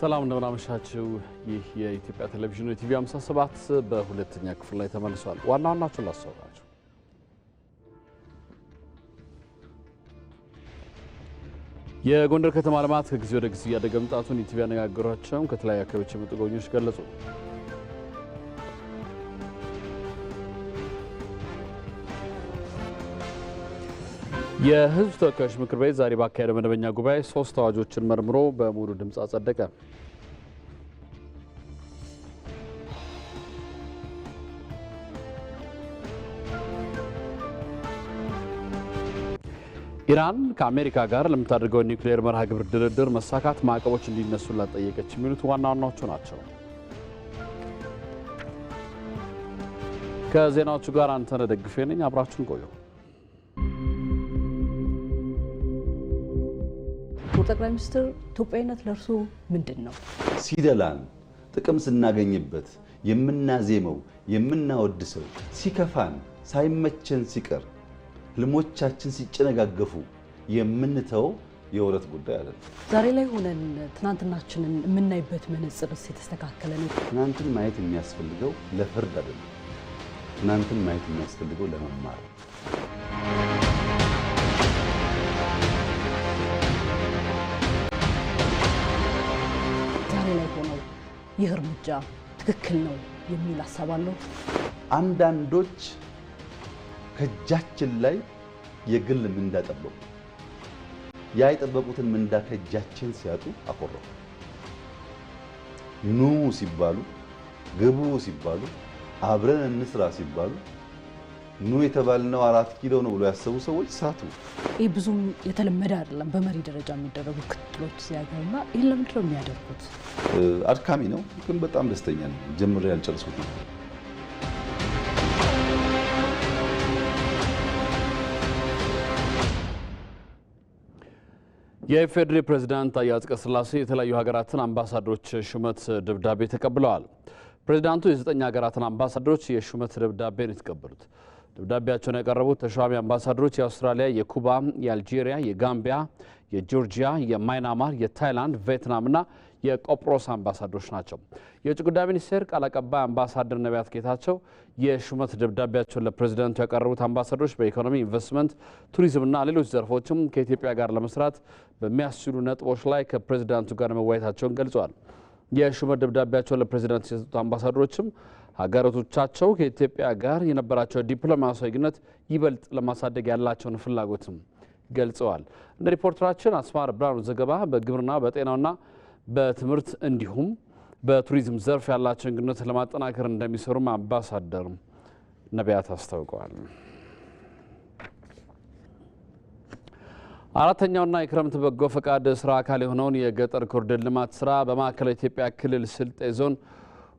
ሰላም እንደምናመሻችው። ይህ የኢትዮጵያ ቴሌቪዥን የቲቪ 57 በሁለተኛ ክፍል ላይ ተመልሷል። ዋና ዋናችሁን ላስታውቃችሁ። የጎንደር ከተማ ልማት ከጊዜ ወደ ጊዜ እያደገ መምጣቱን ኢቲቪ ከተለያዩ አካባቢዎች የመጡ ጎብኚዎች ገለጹ። የህዝብ ተወካዮች ምክር ቤት ዛሬ ባካሄደ መደበኛ ጉባኤ ሶስት አዋጆችን መርምሮ በሙሉ ድምፅ አጸደቀ። ኢራን ከአሜሪካ ጋር ለምታደርገው ኒውክሌር መርሃ ግብር ድርድር መሳካት ማዕቀቦች እንዲነሱላት ጠየቀች። የሚሉት ዋና ዋናዎቹ ናቸው። ከዜናዎቹ ጋር አንተነህ ደግፌ ነኝ። አብራችሁን ቆዩ። ክቡር ጠቅላይ ሚኒስትር ኢትዮጵያዊነት ለእርሱ ምንድን ነው? ሲደላን ጥቅም ስናገኝበት የምናዜመው የምናወድሰው፣ ሲከፋን ሳይመቸን ሲቀር ህልሞቻችን ሲጨነጋገፉ የምንተው የውረት ጉዳይ አለ። ዛሬ ላይ ሆነን ትናንትናችንን የምናይበት መነጽርስ የተስተካከለ ነው? ትናንትን ማየት የሚያስፈልገው ለፍርድ አይደለም። ትናንትን ማየት የሚያስፈልገው ለመማር ይህ እርምጃ ትክክል ነው የሚል ሀሳብ አለው። አንዳንዶች ከእጃችን ላይ የግል ምንዳ ጠበቁ። ያ የጠበቁትን ምንዳ ከእጃችን ሲያጡ አኮረፉ። ኑ ሲባሉ፣ ግቡ ሲባሉ፣ አብረን እንስራ ሲባሉ ኑ የተባልነው አራት ኪሎ ነው ብሎ ያሰቡ ሰዎች ሳቱ። ይህ ብዙም የተለመደ አይደለም። በመሪ ደረጃ የሚደረጉ ክትሎች ሲያገኙና ይህ ለምንድን ነው የሚያደርጉት? አድካሚ ነው፣ ግን በጣም ደስተኛ ነው። ጀምሬ ያልጨርሱት ነው። የኢፌዴሪ ፕሬዚዳንት ታዬ አጽቀሥላሴ የተለያዩ ሀገራትን አምባሳደሮች ሹመት ደብዳቤ ተቀብለዋል። ፕሬዚዳንቱ የዘጠኝ ሀገራትን አምባሳደሮች የሹመት ደብዳቤ ነው የተቀበሉት። ደብዳቤያቸውን ያቀረቡት ተሿሚ አምባሳደሮች የአውስትራሊያ፣ የኩባ፣ የአልጄሪያ፣ የጋምቢያ፣ የጆርጂያ፣ የማይናማር፣ የታይላንድ፣ ና የቆጵሮስ አምባሳደሮች ናቸው። የውጭ ጉዳይ ሚኒስቴር ቃል አቀባይ አምባሳደር ነቢያት ጌታቸው የሹመት ደብዳቤያቸውን ለፕሬዚደንቱ ያቀረቡት አምባሳደሮች በኢኮኖሚ ኢንቨስትመንት፣ ቱሪዝም ና ሌሎች ዘርፎችም ከኢትዮጵያ ጋር ለመስራት በሚያስችሉ ነጥቦች ላይ ከፕሬዚዳንቱ ጋር መወያየታቸውን ገልጿል። የሹመት ደብዳቤያቸውን ለፕሬዚዳንቱ የሰጡት አምባሳደሮችም ሀገራቶቻቸው ከኢትዮጵያ ጋር የነበራቸው ዲፕሎማሲያዊ ግንኙነት ይበልጥ ለማሳደግ ያላቸውን ፍላጎትም ገልጸዋል። እንደ ሪፖርተራችን አስማር ብራኑ ዘገባ በግብርና በጤናውና በትምህርት እንዲሁም በቱሪዝም ዘርፍ ያላቸውን ግንኙነት ለማጠናከር እንደሚሰሩም አምባሳደር ነቢያት አስታውቀዋል። አራተኛውና የክረምት በጎ ፈቃድ ስራ አካል የሆነውን የገጠር ኮሪደር ልማት ስራ በማዕከላዊ ኢትዮጵያ ክልል ስልጤ ዞን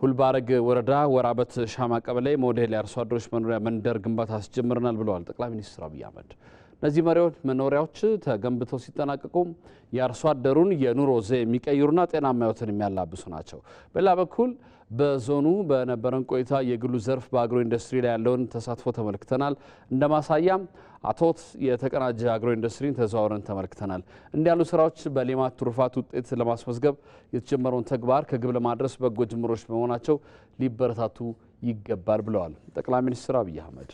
ሁልባረግ ወረዳ ወራበት ሻማ ቀበሌ ሞዴል የአርሶ አደሮች መኖሪያ መንደር ግንባታ አስጀምረናል ብለዋል ጠቅላይ ሚኒስትር አብይ አህመድ። እነዚህ መኖሪያዎች ተገንብተው ሲጠናቀቁ የአርሶ አደሩን የኑሮ ዘ የሚቀይሩና ጤናማ ሕይወትን የሚያላብሱ ናቸው። በሌላ በኩል በዞኑ በነበረን ቆይታ የግሉ ዘርፍ በአግሮ ኢንዱስትሪ ላይ ያለውን ተሳትፎ ተመልክተናል። እንደ ማሳያም አቶት የተቀናጀ አግሮ ኢንዱስትሪን ተዘዋውረን ተመልክተናል። እንዲህ ያሉ ስራዎች በሌማት ትሩፋት ውጤት ለማስመዝገብ የተጀመረውን ተግባር ከግብ ለማድረስ በጎ ጅምሮች በመሆናቸው ሊበረታቱ ይገባል ብለዋል ጠቅላይ ሚኒስትር አብይ አህመድ።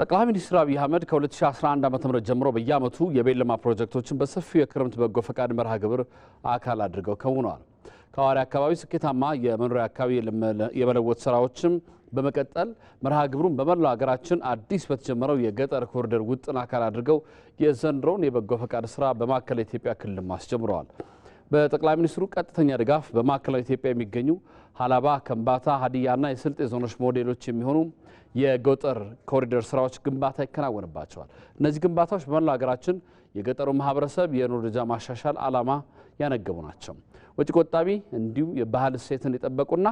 ጠቅላይ ሚኒስትር አብይ አህመድ ከ2011 ዓ ም ጀምሮ በየዓመቱ የቤለማ ፕሮጀክቶችን በሰፊው የክረምት በጎ ፈቃድ መርሃ ግብር አካል አድርገው ከውነዋል። ከሐዋሪ አካባቢ ስኬታማ የመኖሪያ አካባቢ የመለወጥ ስራዎችም በመቀጠል መርሃ ግብሩን በመላው ሀገራችን አዲስ በተጀመረው የገጠር ኮሪደር ውጥን አካል አድርገው የዘንድሮውን የበጎ ፈቃድ ስራ በማዕከላዊ ኢትዮጵያ ክልልም አስጀምረዋል። በጠቅላይ ሚኒስትሩ ቀጥተኛ ድጋፍ በማዕከላዊ ኢትዮጵያ የሚገኙ ሀላባ፣ ከምባታ፣ ሀዲያና የስልጤ ዞኖች ሞዴሎች የሚሆኑ የገጠር ኮሪደር ስራዎች ግንባታ ይከናወንባቸዋል። እነዚህ ግንባታዎች በመላ ሀገራችን የገጠሩ ማህበረሰብ የኑሮ ደረጃ ማሻሻል ዓላማ ያነገቡ ናቸው። ወጪ ቆጣቢ እንዲሁ የባህል እሴትን የጠበቁና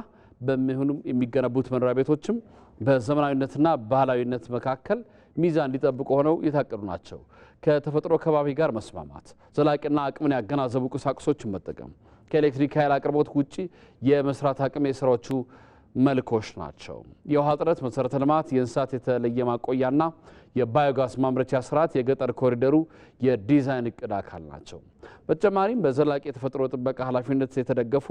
በሚሆኑም የሚገነቡት መኖሪያ ቤቶችም በዘመናዊነትና ባህላዊነት መካከል ሚዛን እንዲጠብቁ ሆነው የታቀዱ ናቸው። ከተፈጥሮ ከባቢ ጋር መስማማት፣ ዘላቂና አቅምን ያገናዘቡ ቁሳቁሶችን መጠቀም፣ ከኤሌክትሪክ ኃይል አቅርቦት ውጭ የመስራት አቅም የስራዎቹ መልኮች ናቸው። የውሃ እጥረት፣ መሰረተ ልማት፣ የእንስሳት የተለየ ማቆያና የባዮጋስ ማምረቻ ስርዓት የገጠር ኮሪደሩ የዲዛይን እቅድ አካል ናቸው። በተጨማሪም በዘላቂ የተፈጥሮ ጥበቃ ኃላፊነት የተደገፉ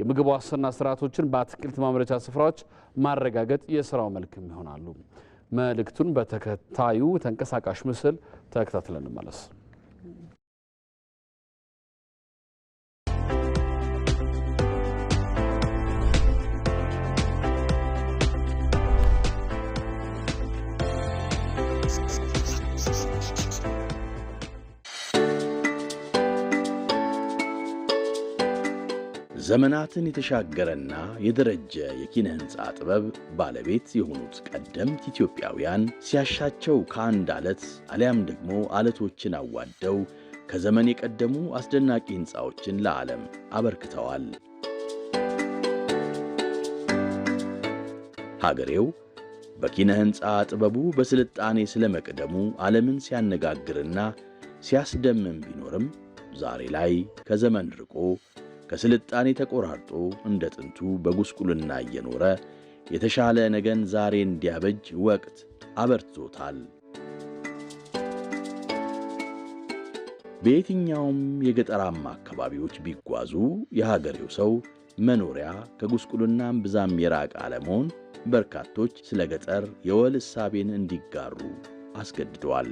የምግብ ዋስትና ስርዓቶችን በአትክልት ማምረቻ ስፍራዎች ማረጋገጥ የስራው መልክም ይሆናሉ። መልእክቱን በተከታዩ ተንቀሳቃሽ ምስል ተከታትለን እንመለስ። ዘመናትን የተሻገረና የደረጀ የኪነ ሕንፃ ጥበብ ባለቤት የሆኑት ቀደምት ኢትዮጵያውያን ሲያሻቸው ከአንድ አለት አሊያም ደግሞ አለቶችን አዋደው ከዘመን የቀደሙ አስደናቂ ሕንፃዎችን ለዓለም አበርክተዋል። ሀገሬው በኪነ ሕንፃ ጥበቡ በስልጣኔ ስለ መቅደሙ ዓለምን ሲያነጋግርና ሲያስደምም ቢኖርም ዛሬ ላይ ከዘመን ርቆ ከስልጣኔ ተቆራርጦ እንደ ጥንቱ በጉስቁልና እየኖረ የተሻለ ነገን ዛሬ እንዲያበጅ ወቅት አበርትቶታል። በየትኛውም የገጠራማ አካባቢዎች ቢጓዙ የሀገሬው ሰው መኖሪያ ከጉስቁልናም ብዛም የራቀ አለመሆን በርካቶች ስለ ገጠር የወል እሳቤን እንዲጋሩ አስገድደዋል።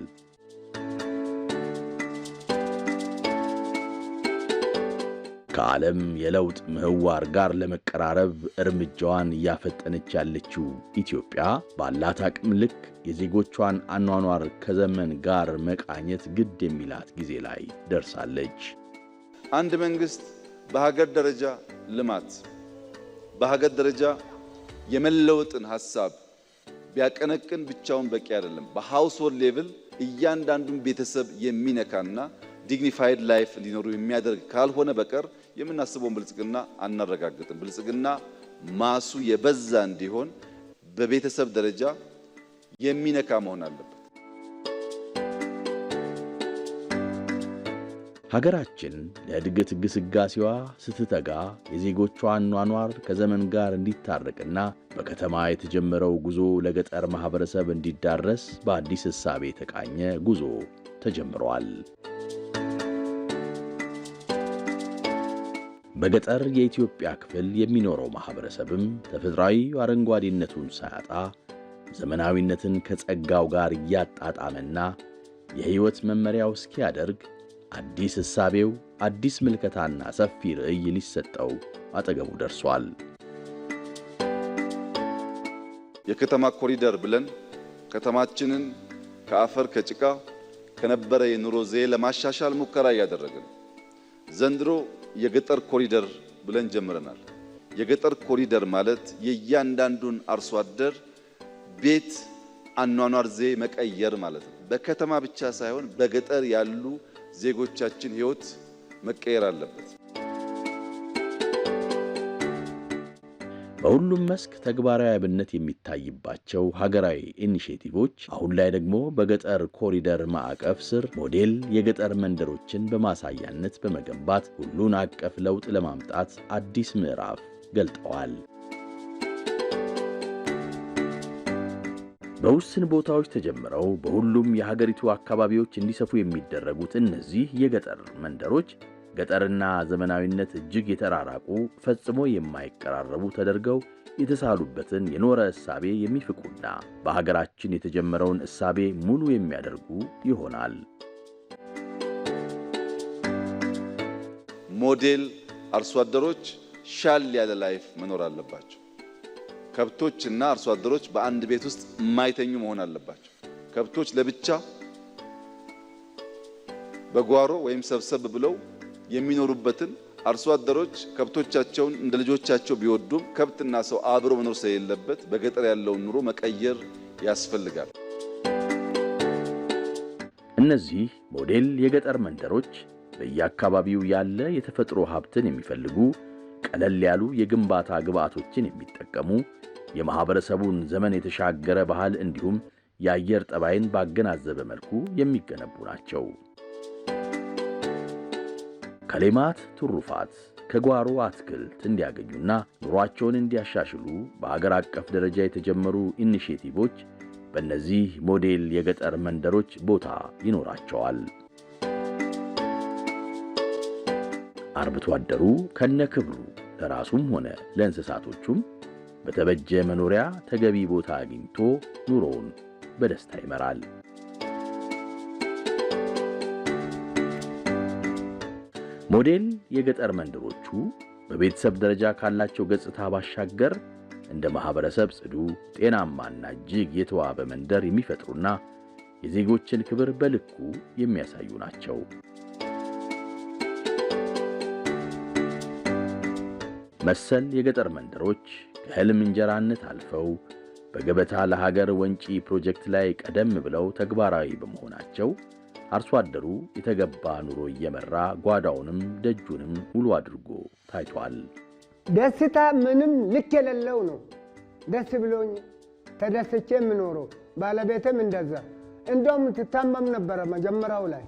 ከዓለም የለውጥ ምህዋር ጋር ለመቀራረብ እርምጃዋን እያፈጠነች ያለችው ኢትዮጵያ ባላት አቅም ልክ የዜጎቿን አኗኗር ከዘመን ጋር መቃኘት ግድ የሚላት ጊዜ ላይ ደርሳለች። አንድ መንግሥት በሀገር ደረጃ ልማት፣ በሀገር ደረጃ የመለወጥን ሐሳብ ቢያቀነቅን ብቻውን በቂ አይደለም። በሃውስሆልድ ሌቭል እያንዳንዱን ቤተሰብ የሚነካና ዲግኒፋይድ ላይፍ እንዲኖሩ የሚያደርግ ካልሆነ በቀር የምናስበውን ብልጽግና አናረጋግጥም። ብልጽግና ማሱ የበዛ እንዲሆን በቤተሰብ ደረጃ የሚነካ መሆን አለበት። ሀገራችን ለእድገት ግስጋሴዋ ስትተጋ የዜጎቿ አኗኗር ከዘመን ጋር እንዲታረቅና በከተማ የተጀመረው ጉዞ ለገጠር ማኅበረሰብ እንዲዳረስ በአዲስ እሳቤ የተቃኘ ጉዞ ተጀምረዋል። በገጠር የኢትዮጵያ ክፍል የሚኖረው ማኅበረሰብም ተፈጥሯዊ አረንጓዴነቱን ሳያጣ ዘመናዊነትን ከጸጋው ጋር እያጣጣመና የሕይወት መመሪያው እስኪያደርግ አዲስ ሳቤው አዲስ ምልከታና ሰፊ ርዕይ ሊሰጠው አጠገቡ ደርሷል። የከተማ ኮሪደር ብለን ከተማችንን ከአፈር ከጭቃ ከነበረ የኑሮ ዘዬ ለማሻሻል ሙከራ እያደረግን ዘንድሮ የገጠር ኮሪደር ብለን ጀምረናል። የገጠር ኮሪደር ማለት የእያንዳንዱን አርሶ አደር ቤት አኗኗር ዜ መቀየር ማለት ነው። በከተማ ብቻ ሳይሆን በገጠር ያሉ ዜጎቻችን ሕይወት መቀየር አለበት። በሁሉም መስክ ተግባራዊ አብነት የሚታይባቸው ሀገራዊ ኢኒሽቲቮች አሁን ላይ ደግሞ በገጠር ኮሪደር ማዕቀፍ ስር ሞዴል የገጠር መንደሮችን በማሳያነት በመገንባት ሁሉን አቀፍ ለውጥ ለማምጣት አዲስ ምዕራፍ ገልጠዋል። በውስን ቦታዎች ተጀምረው በሁሉም የሀገሪቱ አካባቢዎች እንዲሰፉ የሚደረጉት እነዚህ የገጠር መንደሮች ገጠርና ዘመናዊነት እጅግ የተራራቁ ፈጽሞ የማይቀራረቡ ተደርገው የተሳሉበትን የኖረ እሳቤ የሚፍቁና በሀገራችን የተጀመረውን እሳቤ ሙሉ የሚያደርጉ ይሆናል። ሞዴል አርሶ አደሮች ሻል ያለ ላይፍ መኖር አለባቸው። ከብቶችና አርሶ አደሮች በአንድ ቤት ውስጥ የማይተኙ መሆን አለባቸው። ከብቶች ለብቻ በጓሮ ወይም ሰብሰብ ብለው የሚኖሩበትን አርሶ አደሮች ከብቶቻቸውን እንደ ልጆቻቸው ቢወዱም ከብትና ሰው አብሮ መኖር ስለሌለበት በገጠር ያለውን ኑሮ መቀየር ያስፈልጋል። እነዚህ ሞዴል የገጠር መንደሮች በየአካባቢው ያለ የተፈጥሮ ሀብትን የሚፈልጉ ቀለል ያሉ የግንባታ ግብዓቶችን የሚጠቀሙ የማህበረሰቡን ዘመን የተሻገረ ባህል እንዲሁም የአየር ጠባይን ባገናዘበ መልኩ የሚገነቡ ናቸው። ከሌማት ትሩፋት ከጓሮ አትክልት እንዲያገኙና ኑሯቸውን እንዲያሻሽሉ በአገር አቀፍ ደረጃ የተጀመሩ ኢኒሼቲቮች በእነዚህ ሞዴል የገጠር መንደሮች ቦታ ይኖራቸዋል። አርብቶ አደሩ ከነ ክብሩ ለራሱም ሆነ ለእንስሳቶቹም በተበጀ መኖሪያ ተገቢ ቦታ አግኝቶ ኑሮውን በደስታ ይመራል። ሞዴል የገጠር መንደሮቹ በቤተሰብ ደረጃ ካላቸው ገጽታ ባሻገር እንደ ማህበረሰብ ጽዱ፣ ጤናማና እጅግ የተዋበ መንደር የሚፈጥሩና የዜጎችን ክብር በልኩ የሚያሳዩ ናቸው። መሰል የገጠር መንደሮች ከህልም እንጀራነት አልፈው በገበታ ለሀገር ወንጪ ፕሮጀክት ላይ ቀደም ብለው ተግባራዊ በመሆናቸው አርሶ አደሩ የተገባ ኑሮ እየመራ ጓዳውንም ደጁንም ውሎ አድርጎ ታይቷል። ደስታ ምንም ልክ የሌለው ነው። ደስ ብሎኝ ተደስቼ የምኖረው ባለቤትም እንደዛ። እንደውም ትታመም ነበረ መጀመሪያው ላይ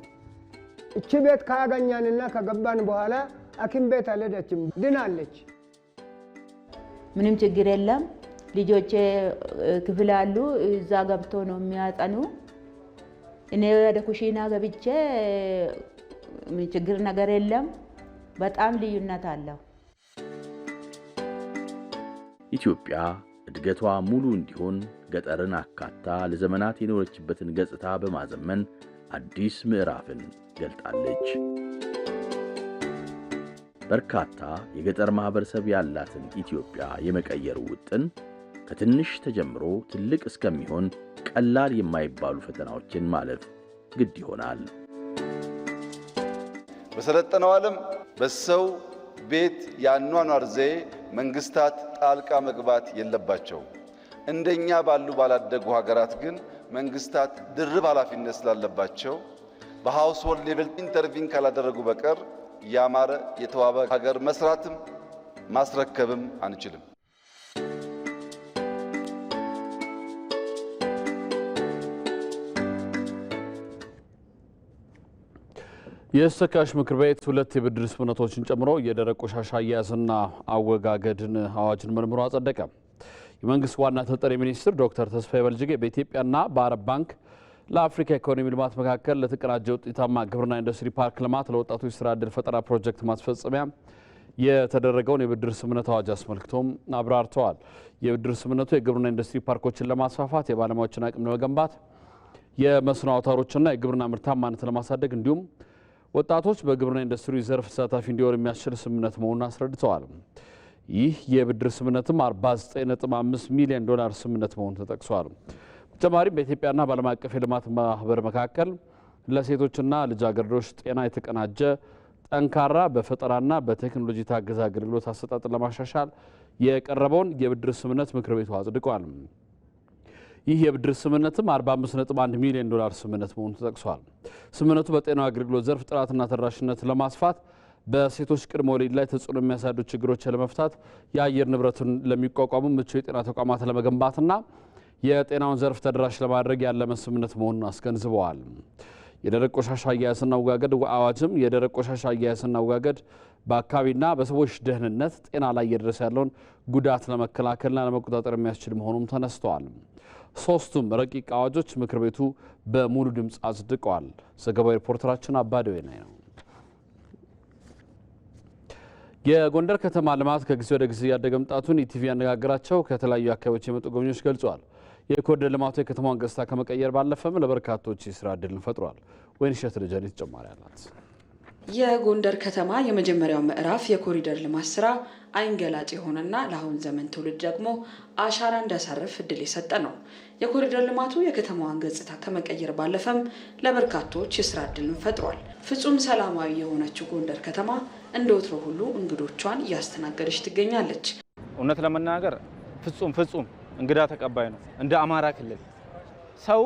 እቺ ቤት ካገኛንና ከገባን በኋላ ሐኪም ቤት አልሄደችም፣ ድናለች። ምንም ችግር የለም። ልጆቼ ክፍል አሉ፣ እዛ ገብቶ ነው የሚያጠኑ እኔ ወደ ኩሽና ገብቼ ችግር ነገር የለም። በጣም ልዩነት አለው። ኢትዮጵያ እድገቷ ሙሉ እንዲሆን ገጠርን አካታ ለዘመናት የኖረችበትን ገጽታ በማዘመን አዲስ ምዕራፍን ገልጣለች። በርካታ የገጠር ማኅበረሰብ ያላትን ኢትዮጵያ የመቀየሩ ውጥን ከትንሽ ተጀምሮ ትልቅ እስከሚሆን ቀላል የማይባሉ ፈተናዎችን ማለፍ ግድ ይሆናል። በሰለጠነው ዓለም በሰው ቤት የአኗኗር ዘዬ መንግስታት ጣልቃ መግባት የለባቸው። እንደኛ ባሉ ባላደጉ ሀገራት ግን መንግስታት ድርብ ኃላፊነት ስላለባቸው በሃውስሆልድ ሌቨል ኢንተርቪን ካላደረጉ በቀር ያማረ የተዋበ ሀገር መስራትም ማስረከብም አንችልም። የተወካዮች ምክር ቤት ሁለት የብድር ስምምነቶችን ጨምሮ የደረቅ ቆሻሻ አያያዝና አወጋገድን አዋጅን መርምሮ አጸደቀ። የመንግስት ዋና ተጠሪ ሚኒስትር ዶክተር ተስፋዬ በልጅጌ በኢትዮጵያና በአረብ ባንክ ለአፍሪካ ኢኮኖሚ ልማት መካከል ለተቀናጀ ውጤታማ ግብርና ኢንዱስትሪ ፓርክ ልማት ለወጣቶች ስራ ዕድል ፈጠራ ፕሮጀክት ማስፈጸሚያ የተደረገውን የብድር ስምምነት አዋጅ አስመልክቶም አብራርተዋል። የብድር ስምምነቱ የግብርና ኢንዱስትሪ ፓርኮችን ለማስፋፋት፣ የባለሙያዎችን አቅም ለመገንባት፣ የመስኖ አውታሮችና የግብርና ምርታማነት ለማሳደግ እንዲሁም ወጣቶች በግብርና ኢንዱስትሪ ዘርፍ ተሳታፊ እንዲሆን የሚያስችል ስምምነት መሆኑን አስረድተዋል። ይህ የብድር ስምምነትም 49.5 ሚሊዮን ዶላር ስምምነት መሆኑ ተጠቅሷል። በተጨማሪም በኢትዮጵያና በዓለም አቀፍ የልማት ማህበር መካከል ለሴቶችና ልጃገረዶች ጤና የተቀናጀ ጠንካራ በፈጠራና በቴክኖሎጂ የታገዘ አገልግሎት አሰጣጥን ለማሻሻል የቀረበውን የብድር ስምምነት ምክር ቤቱ አጽድቋል። ይህ የብድር ስምምነትም 451 ሚሊዮን ዶላር ስምምነት መሆኑ ተጠቅሷል። ስምምነቱ በጤና አገልግሎት ዘርፍ ጥራትና ተደራሽነት ለማስፋት በሴቶች ቅድመ ወሊድ ላይ ተጽዕኖ የሚያሳዱ ችግሮችን ለመፍታት የአየር ንብረቱን ለሚቋቋሙ ምቹ የጤና ተቋማት ለመገንባትና የጤናውን ዘርፍ ተደራሽ ለማድረግ ያለመ ስምምነት መሆኑን አስገንዝበዋል። የደረቅ ቆሻሻ አያያዝና አወጋገድ አዋጅም የደረቅ ቆሻሻ አያያዝና አወጋገድ በአካባቢና በሰዎች ደህንነት ጤና ላይ እየደረሰ ያለውን ጉዳት ለመከላከልና ለመቆጣጠር የሚያስችል መሆኑም ተነስተዋል። ሶስቱም ረቂቅ አዋጆች ምክር ቤቱ በሙሉ ድምፅ አጽድቀዋል። ዘገባው ሪፖርተራችን አባደዌ ነው። የጎንደር ከተማ ልማት ከጊዜ ወደ ጊዜ እያደገ መምጣቱን ኢቲቪ ያነጋገራቸው ከተለያዩ አካባቢዎች የመጡ ጎብኚዎች ገልጸዋል። የኮሪደር ልማቱ የከተማዋን ገጽታ ከመቀየር ባለፈም ለበርካቶች የስራ እድልን ፈጥሯል። ወይንሸት ደጀኔ ተጨማሪ አላት። የጎንደር ከተማ የመጀመሪያው ምዕራፍ የኮሪደር ልማት ስራ አይንገላጭ የሆነና ለአሁን ዘመን ትውልድ ደግሞ አሻራ እንዲያሳርፍ እድል የሰጠ ነው። የኮሪደር ልማቱ የከተማዋን ገጽታ ከመቀየር ባለፈም ለበርካቶች የስራ እድልን ፈጥሯል። ፍጹም ሰላማዊ የሆነችው ጎንደር ከተማ እንደ ወትሮ ሁሉ እንግዶቿን እያስተናገደች ትገኛለች። እውነት ለመናገር ፍጹም ፍጹም እንግዳ ተቀባይ ነው። እንደ አማራ ክልል ሰው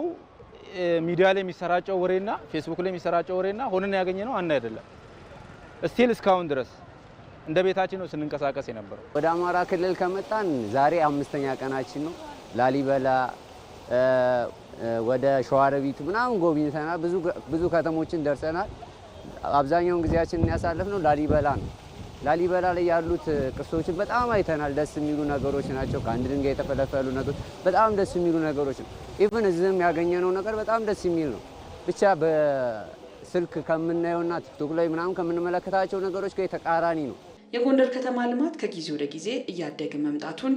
ሚዲያ ላይ የሚሰራጨው ወሬና ፌስቡክ ላይ የሚሰራጨው ወሬና ሆነን ያገኘ ነው አንድ አይደለም። ስቲል እስካሁን ድረስ እንደ ቤታችን ነው ስንንቀሳቀስ የነበረው። ወደ አማራ ክልል ከመጣን ዛሬ አምስተኛ ቀናችን ነው። ላሊበላ ወደ ሸዋሮቢት ምናምን ጎብኝተናል። ብዙ ከተሞችን ደርሰናል። አብዛኛውን ጊዜያችን ነው ላሊበላ ነው። ላሊበላ ላይ ያሉት ቅርሶችን በጣም አይተናል። ደስ የሚሉ ነገሮች ናቸው። ከአንድ ድንጋይ የተፈለፈሉ ነገሮች በጣም ደስ የሚሉ ነገሮች ነው። ኢቨን እዚህም ያገኘነው ነገር በጣም ደስ የሚል ነው። ብቻ በስልክ ከምናየውና ቲክቶክ ላይ ምናምን ከምንመለከታቸው ነገሮች ጋር የተቃራኒ ነው። የጎንደር ከተማ ልማት ከጊዜ ወደ ጊዜ እያደገ መምጣቱን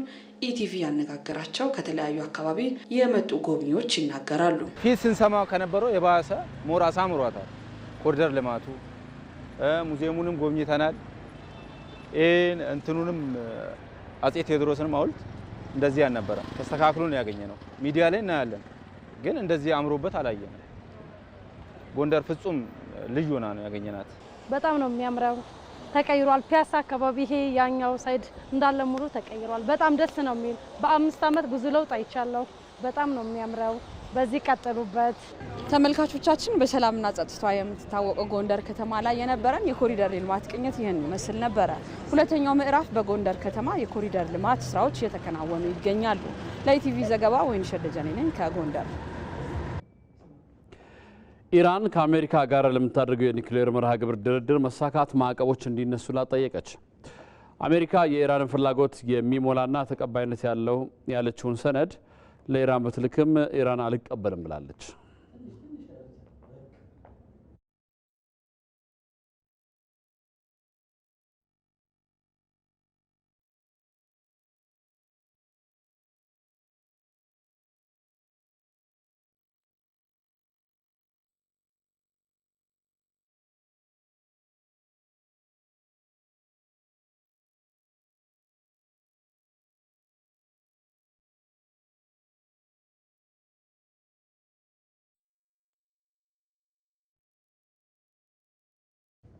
ኢቲቪ ያነጋገራቸው ከተለያዩ አካባቢ የመጡ ጎብኚዎች ይናገራሉ። ፊት ስንሰማ ከነበረው የባሰ ሞራ ሳምሯታል ኮሪደር ልማቱ ሙዚየሙንም ጎብኝተናል። ይህን እንትኑንም አጼ ቴዎድሮስንም ሐውልት እንደዚህ ያልነበረ ተስተካክሎ ነው ያገኘ ነው። ሚዲያ ላይ እናያለን፣ ግን እንደዚህ አምሮበት አላየንም። ጎንደር ፍጹም ልዩ ሆና ነው ያገኘናት። በጣም ነው የሚያምረው። ተቀይሯል። ፒያሳ አካባቢ ይሄ ያኛው ሳይድ እንዳለ ሙሉ ተቀይሯል። በጣም ደስ ነው የሚል። በአምስት ዓመት ብዙ ለውጥ አይቻለሁ። በጣም ነው የሚያምረው። በዚህ ቀጥሉበት። ተመልካቾቻችን በሰላምና ጸጥታ የምትታወቀው ጎንደር ከተማ ላይ የነበረን የኮሪደር ልማት ቅኝት ይህን ይመስል ነበረ። ሁለተኛው ምዕራፍ በጎንደር ከተማ የኮሪደር ልማት ስራዎች እየተከናወኑ ይገኛሉ። ለኢቲቪ ዘገባ ወይንሸት ደጀኔ ነኝ ከጎንደር። ኢራን ከአሜሪካ ጋር ለምታደርገው የኒክሌር መርሃ ግብር ድርድር መሳካት ማዕቀቦች እንዲነሱላት ጠየቀች። አሜሪካ የኢራንን ፍላጎት የሚሞላና ተቀባይነት ያለው ያለችውን ሰነድ ለኢራን ብትልክም ኢራን አልቀበልም ብላለች።